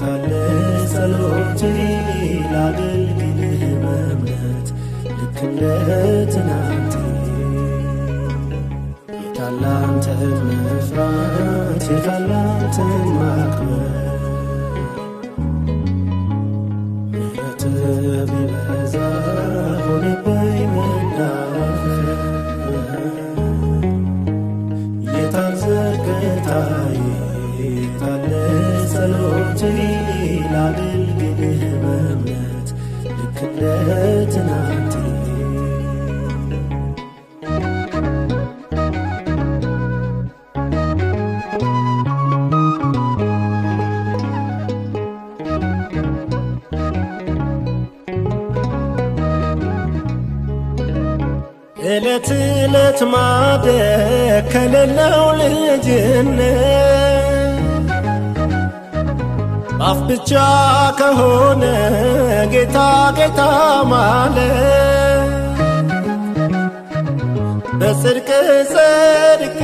ታለ ጸሎቴ ላገልግልህ በእምነት ልክ እንደ ትናንቴ የታላንተን መፍራት የታላንተን ማክበር እለት እለት ማደግ ከሌለው ልጅነት አፍ ብቻ ከሆነ ጌታ ጌታ ማለ በጽድቅ ጽድቅ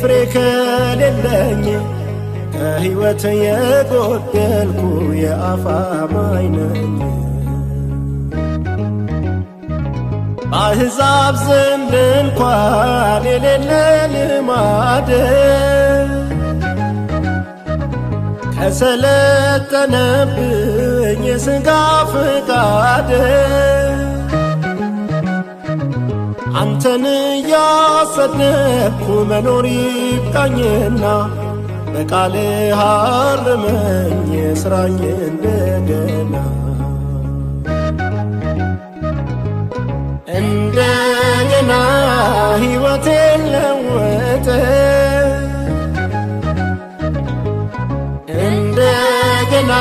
ፍሬ ከሌለኝ ከሕይወት የጎደልኩ የአፋም አይነኝ በአሕዛብ ዘንድ እንኳን የሌለ ልማድ ከሰለጠነብኝ የሥጋ ፍቃድ አንተን እያሰደኩ መኖር ይብቃኝና በቃልህ አርመኝ ስራኝ እንደገና እንደገና ሕይወቴን ለወጠ እንደገና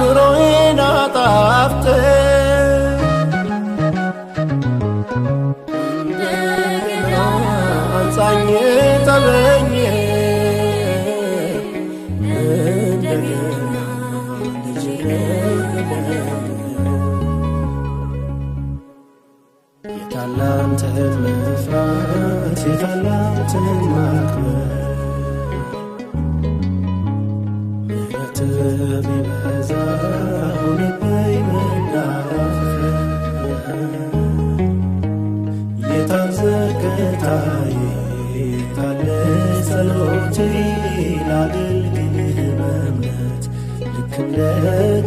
ኑሮዬ ምህረትን ማክበር ምህረት ቢበዛ ሁንበይ መዳፍር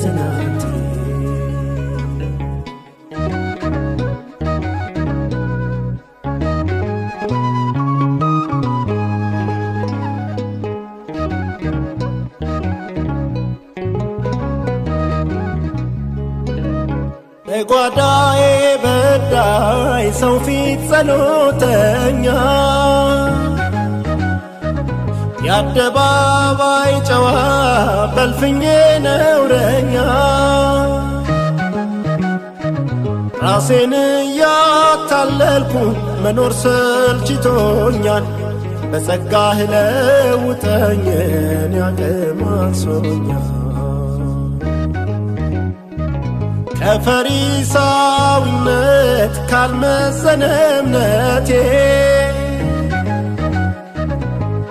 ትናንት ተራዳዬ በዳይ ሰው ፊት ጸሎተኛ የአደባባይ ጨዋ በልፍኜ ነውረኛ ራሴን እያታለልኩ መኖር ሰልችቶኛል። በጸጋህ ለውጠኝ እኔ ከፈሪሳዊነት ካልመዘነ እምነቴ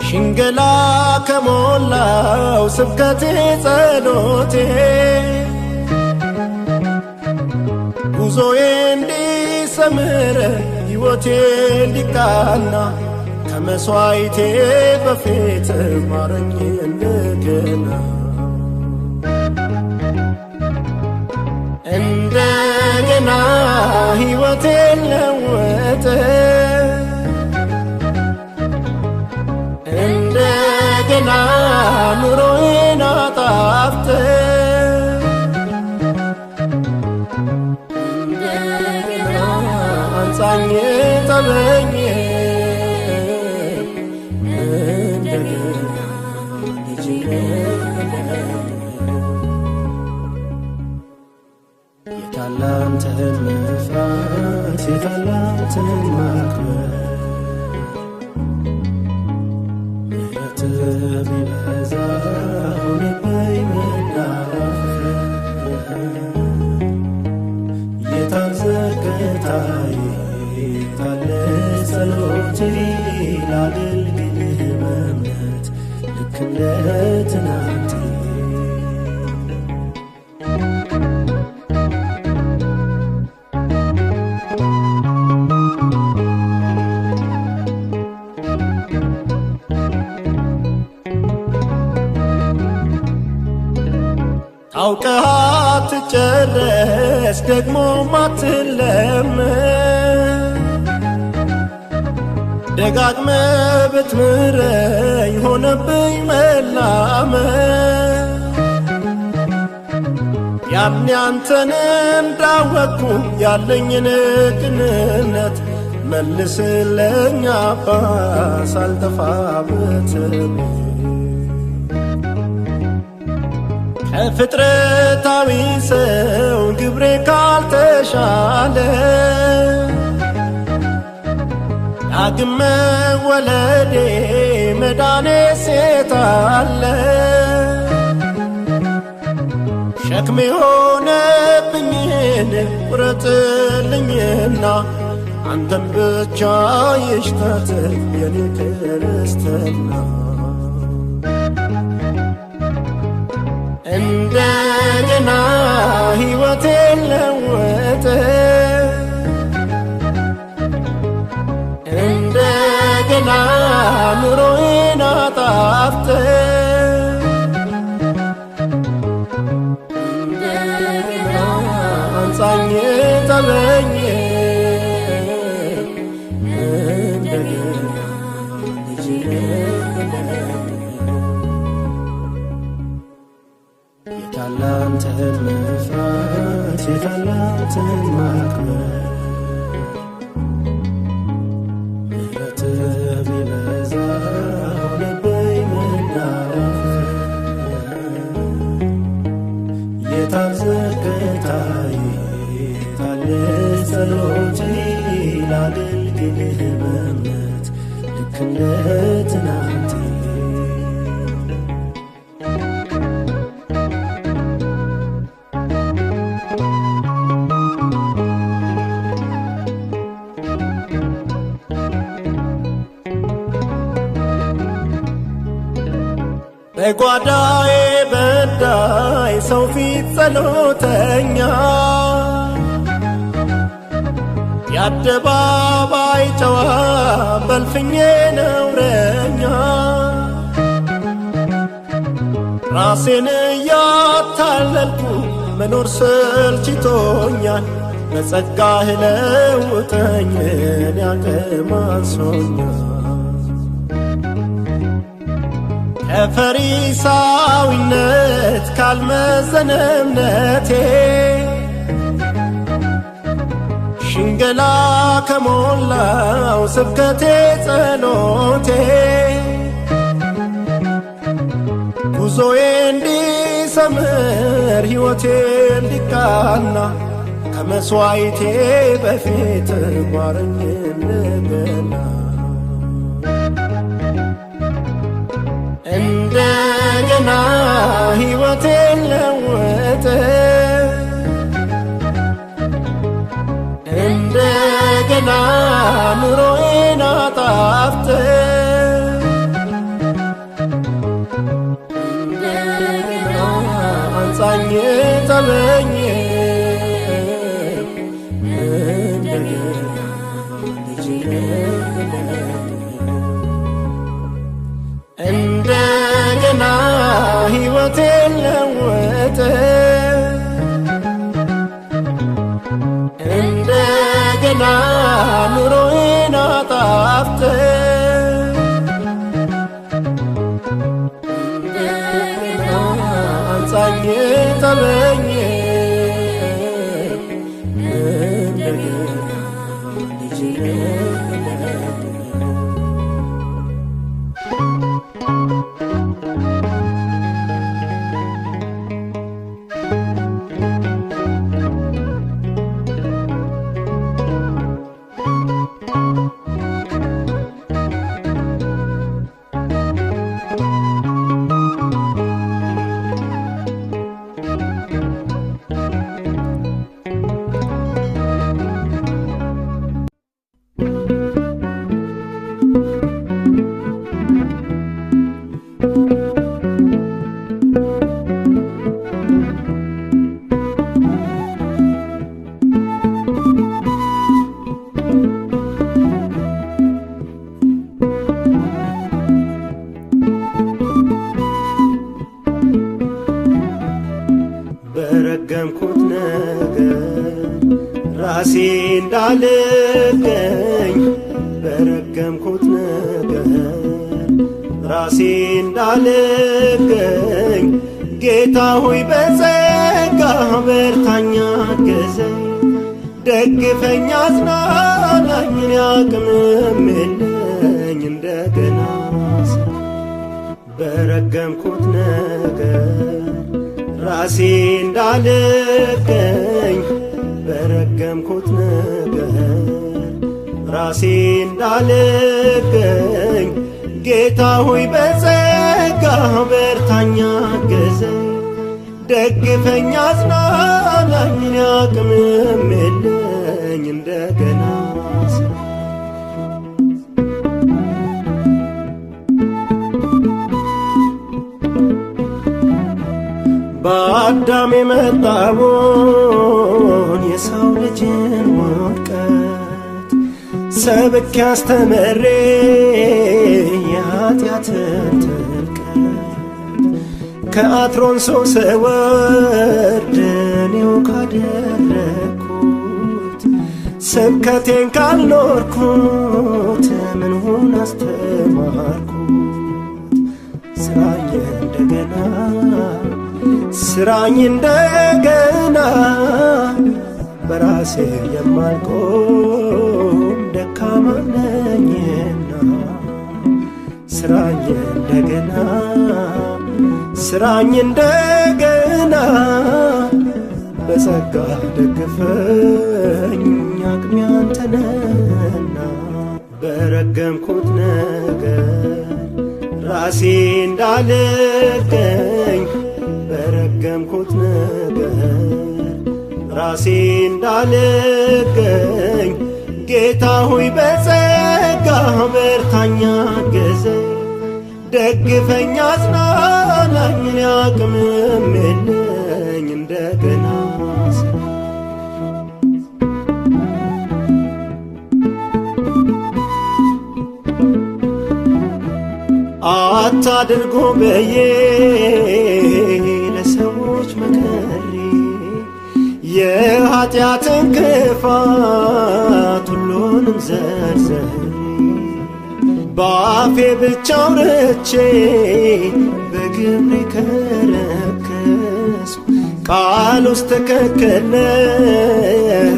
ሽንገላ ከሞላው ስብከቴ ጸሎቴ ጉዞዬ እንዲሰምር ሕይወቴ እንዲቃና ከመሥዋዕቴ በፊት ማረኝ እንድገና ዜና ሕይወቴን ለወጠ እንደገና ኑሮዬን አጣፍጠ እንደገና አንጻኝ ጠበኝ ቃላትን ማክበር ምሕረት ቢበዛ ሁንበይ መዳራፍ የታን ዘከታይ የታለ ጸሎቴ ልክ እንደ ትናንት ደግሞ ማትለምን ደጋግመ ብትምረኝ ሆነብኝ መላመ ያን ያንተን እንዳወቅኩም ያለኝን ቅንነት መልስለኝ አባ ሳልጠፋበት ፍጥረታዊ ሰው ግብሬ ካልተሻለ ዳግም ወለዴ መዳኔ ሴት አለ ሸክም የሆነብኝን ቁረጥልኝና አንተን ብቻ ይሽተት የኔ ክርስትና እንደገና ሕይወቴን ለወጠ እንደገና ምሮዬን አጣፍጠ እንደገና አንጻኝ ጠበኝ በጓዳዬ በዳይ ሰው ፊት ጸሎተኛ የአደባባይ ጨዋ በልፍኜ ነውረኛ ራሴን እያታለልኩ መኖር ሰልችቶኛል። በጸጋህ ለውጠኝ ያቅም አንሶኛል። ከፈሪሳዊነት ካልመዘነ እምነቴ ሽንገላ ከሞላው ስብከቴ ጸሎቴ ጉዞዬ እንዲሰምር ሕይወቴ እንዲቃና ከመስዋዕቴ በፊት ማረኝ እንበና እንደገና ሕይወቴን ለወጠ እንደገና ኑሮዬን አጣፍጠ እንደገና አንጻኝ ጠበኝ በርታኛ ገዘኝ ደግፈኛ አጽናናኝ እኔ አቅምም የለኝ እንደገና በረገምኩት ነገር ራሴ እንዳልገኝ በረገምኩት ነገር ራሴ እንዳልገኝ ጌታ ሆይ በጸጋ በርታኛ ገዘኝ ደግፈኛ አጽናናኝ፣ እኔ አቅምም የለኝ እንደገና በአዳም የመጣውን የሰው ልጅን ውድቀት ሰብክ ያስተምሬ የኃጢአትን ከአትሮን ስወርድ እኔው ካደረግኩት ስብከቴን ካልኖርኩት ምንሆን አስተማርኩት ስራኝ እንደገና ስራኝ እንደገና በራሴ የማልቆም ደካማ ነኝና ስራኝ እንደገና ስራኝ እንደገና በጸጋ ደግፈኝ አቅሜ አንተነና በረገምኩት ነገር ራሴ እንዳልገኝ በረገምኩት ነገር ራሴ እንዳልገኝ ጌታ ሆይ በጸጋ በርታኛ ገዘኝ ደግፈኝ አጽናናኝ፣ እኔ አቅምም የለኝ እንደገና አታድርጉ ብዬ ለሰዎች መከሬ የኃጢአትን ክፋት ሁሉንም ዘርዘር በአፌ ብቻ አውርቼ በግብሬ ከረከስ ቃል ውስጥ ትክክል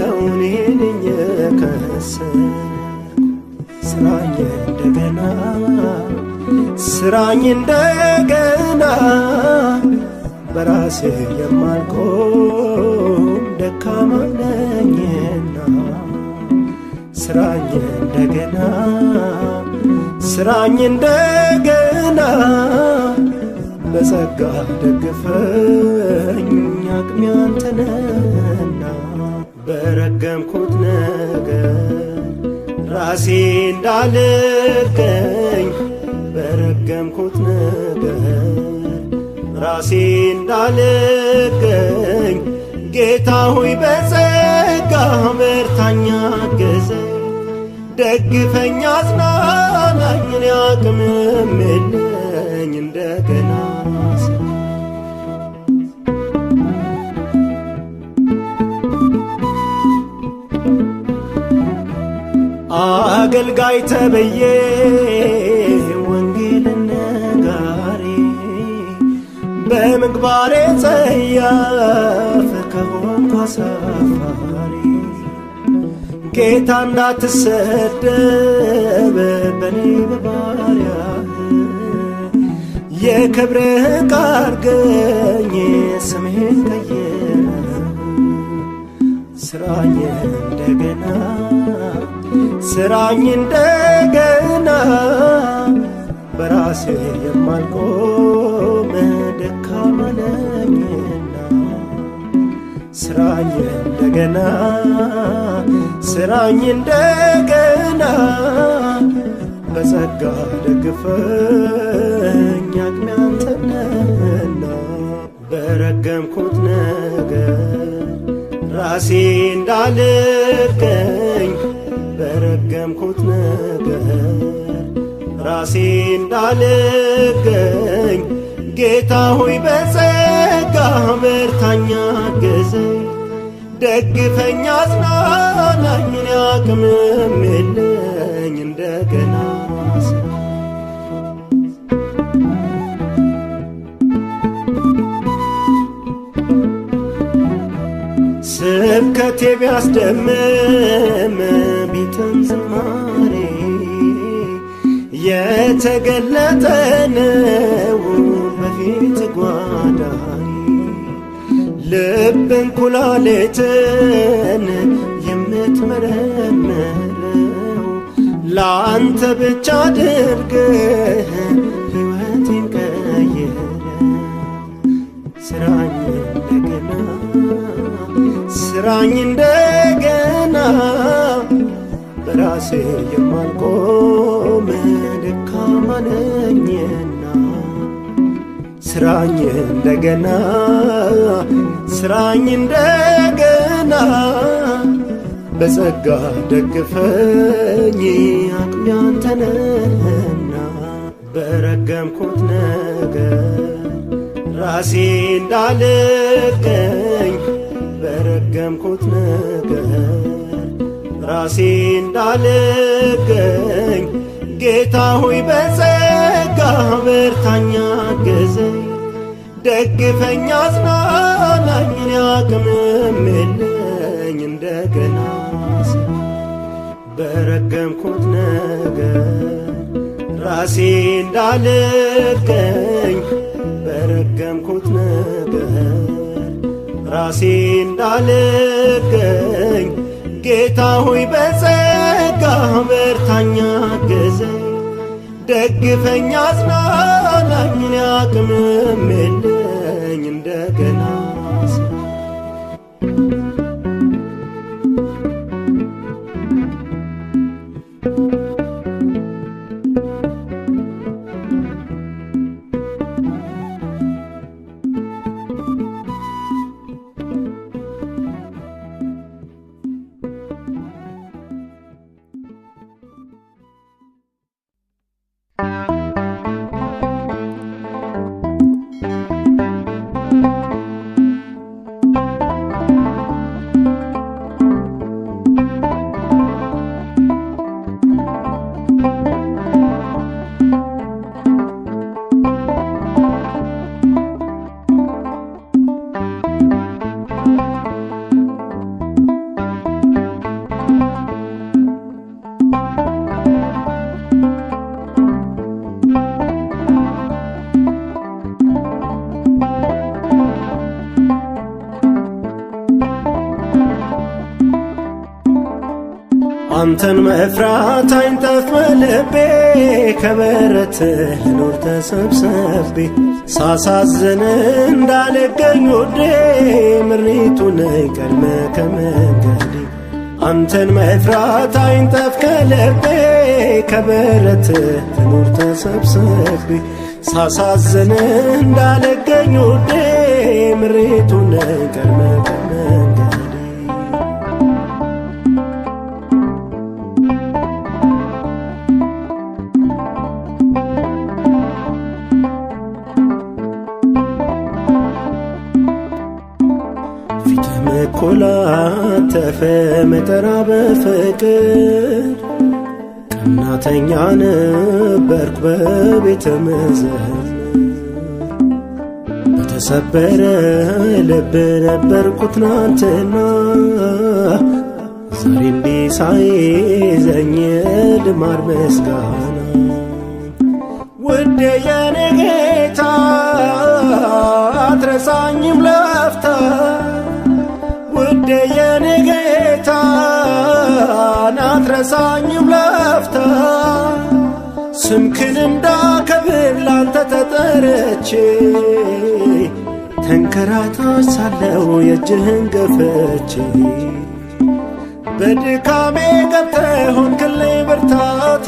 ነው እኔ ስራኝ እንደገና ስራኝ እንደገና በራሴ የማልቆም ደካማ ነኝና ስራኝ እንደገና ስራኝ እንደገና በጸጋ ደግፈኝ አቅሜ አንተነና በረገምኩት ነገር ራሴ እንዳልገኝ በረገምኩት ነገር ራሴ እንዳልገኝ ጌታ ሆይ በጸጋ በርታኛ ደግፈኝ አጽናናኝ፣ እኔ አቅምም የለኝ እንደገና አገልጋይ ተብዬ ነጋሪ በምግባሬ ጸያፍ ከሆንኩ አሳፋሪ ጌታ እንዳትሰደብ በኔ በባሪያ የክብረ ቃርገኝ ስምህን ቀየ ስራኝ እንደገና ስራኝ እንደገና በራሴ የማልቆም ደካማ ስራኝ እንደገና ስራኝ እንደገና በጸጋ ደግፈኝ አቅሜ አንተነህና በረገምኩት ነገር ራሴ እንዳልገኝ በረገምኩት ነገር ራሴ እንዳልገኝ ጌታ ሆይ በጸጋ መርታኛ ገዘ ደግፈኛ አጽናናኝ እኔ አቅምም የለኝ እንደገና ስብከቴ ቢያስደምም ቢትም ዝማሬ የተገለጠ ነው ፊት ጓዳይ ልብን ኩላሌትን የምትመረምረው ለአንተ ብቻ አድርገህ ሕይወቴን ቀየረ ስራኝ እንደገና ስራኝ እንደገና በራሴ የማልቆም ስራኝ እንደገና ስራኝ እንደገና በጸጋ ደግፈኝ አቅሜ አንተነህና በረገምኩት ነገር ራሴ እንዳልገኝ በረገምኩት ነገር ራሴ እንዳልገኝ ጌታ ሆይ በጸጋ በርታኛ ገዘኝ ደግፈኛ አጽናናኝ እኔ አቅምም የለኝ እንደገና በረገምኩት ነገር ራሴ እንዳልገኝ በረገምኩት ነገር ራሴ እንዳልገኝ ጌታ ሆይ በጸጋ በርታኛ ገዘ ደግፈኛ አጽናናኝ አቅምም የለኝ እንደገና መፍራት አይንጠፍ በልቤ ከበረትህ ኖር ተሰብሰቤ ሳሳዝን እንዳልገኝ ወዴ ምሪቱ ነይ ቀድመ ከመንገዴ አንተን መፍራት አይንጠፍ ከልቤ ከበረትህ ኖር ተሰብሰቤ ሳሳዝን እንዳልገኝ ወዴ ምሪቱ ነይ ቀድመ ከመንገዴ ኮላተፈ መጠራ በፍቅር ቀናተኛ ነበርኩ በቤተ መዘዝ በተሰበረ ልብ ነበርኩ ትናንትና ዛሬ እንዲ ሳይዘኝ ልማር መስጋና ውድ የነገር ስምክን እንዳከብር ላንተ ተጠርቼ ተንከራታች ሳለው የእጅህን ገፈች በድካሜ ገብተ ሆንክልኝ ብርታቴ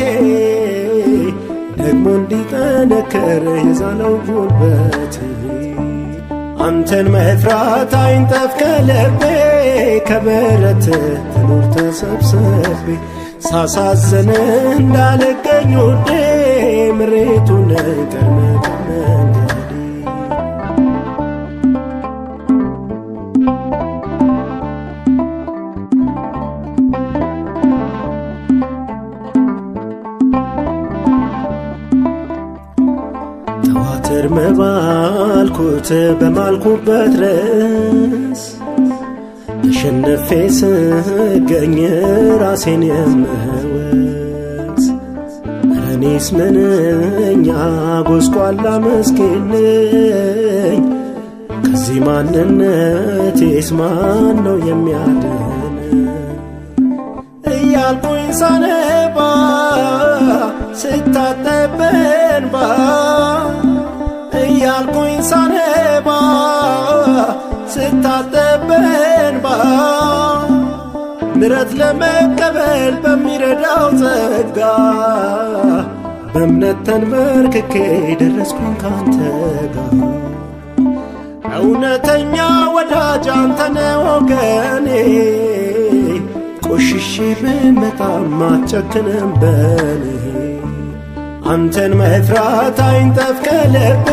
ደግሞ እንዲጠነከር የዛለው ጉልበት አንተን መፍራት አይንጠፍ ከልቤ ከበረት ትኑር ተሰብሰቤ ሳሳዝን እንዳልገኝ ውዴ ምሬቱ ቀድመ ከመንገዴ ተዋትር መባልኩት በማልኩበት ርዕስ ተሸነፌ ስገኝ ራሴን የምህው እኔስ ምንኛ ጎስቋላ ምስኪን ከዚህ ማንነቴስ ማን ነው የሚያድን? እያልኩኝ ሳነባ ስታጠብ በእንባ እያልኩኝ ሳነባ ስታጠብ በእንባ ምሕረት ለመቀበል በሚረዳው ጸጋ በእምነት ተንበርክኬ ደረስኩን ካንተ ጋር እውነተኛ ወዳጅ አንተነ ወገኔ ቆሽሼ ብመጣም አትጨክንም በኔ አንተን መፍራት አይንጠፍ ከልቤ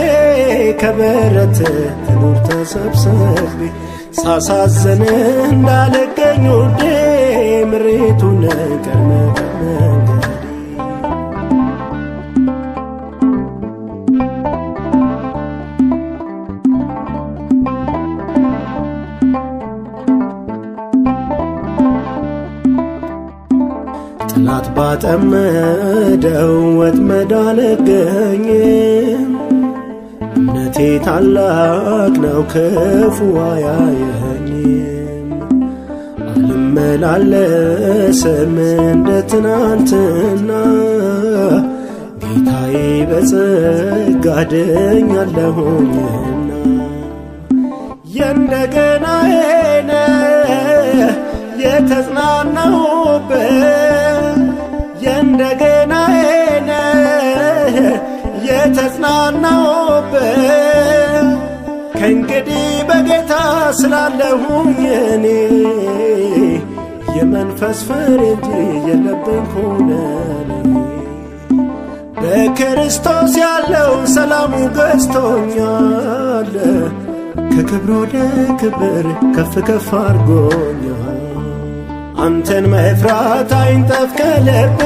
ከበረት ትኑር ተሰብሰቤ ሳሳዘን እንዳለገኝ ውዴ ምሬቱን ቀመመ ጥላት ባጠመደው ወጥመድ አልገኝም። እምነቴ ታላቅ ነው፣ ክፉ አያየኝም። አልመላለስም እንደ ትናንትና፣ ጌታዬ በጸጋ ድኛለሁኝና የእንደገናዬ ነህ የተጽናናሁበት እንደገና ነህ የተጽናናሁበት ከእንግዲህ በጌታ ስላለሁኝ እኔ የመንፈስ ፍሬ እንጂ የለብን ሆነ በክርስቶስ ያለው ሰላሙ ገዝቶኛል ከክብር ወደ ክብር ከፍ ከፍ አድርጎኛል። አንተን መፍራት አይንጠፍ ከልቤ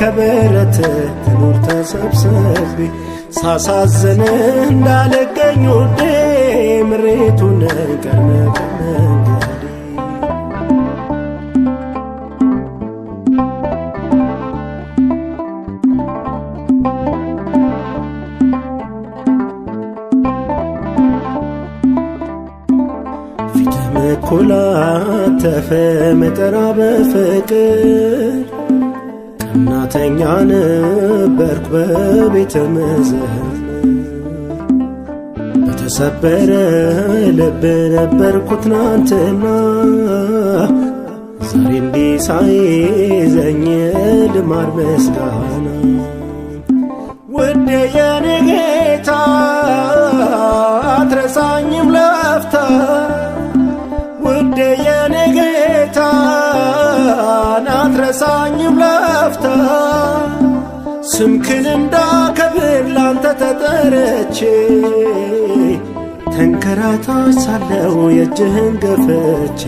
ከበረት ትኑር ተሰብሰቤ ሳሳዝን እንዳለቀኝ ውዴ ምሬቱን ቀርመቀመ ተኮላተፈ መጠራ በፍቅር ቀናተኛ ነበርኩ በቤተ መዘህር በተሰበረ ልብ ነበርኩ ትናንትና ዛሬ እንዲህ ሳይዘኝ ልማር መስጋና ውድ የኔ ጌታ አትረሳኝም ስምክን እንዳከብር ላንተ ተጠረቼ ተንከራታ ሳለው የእጅህን ገፈቼ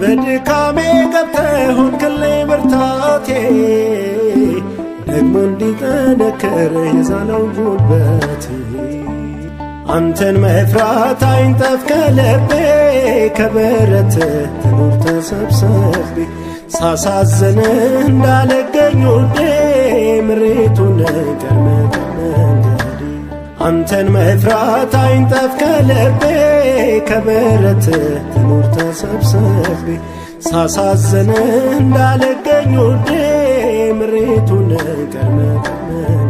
በድካሜ ገብተህ ሆንክልኝ ብርታቴ ደግሞ እንዲጠነከር የዛለው ጉልበቴ አንተን መፍራት አይንጠፍ ከልቤ ከበረት ትኑር ተሰብሰቤ ሳሳዘን እንዳለገኝ ውዴ ምሬቱን ነገር ነገር አንተን መፍራት አይንጠፍ ከልቤ ከበረት ትኑር ተሰብሰቤ ሳሳዘን እንዳለገኝ ውዴ ነገር ነገር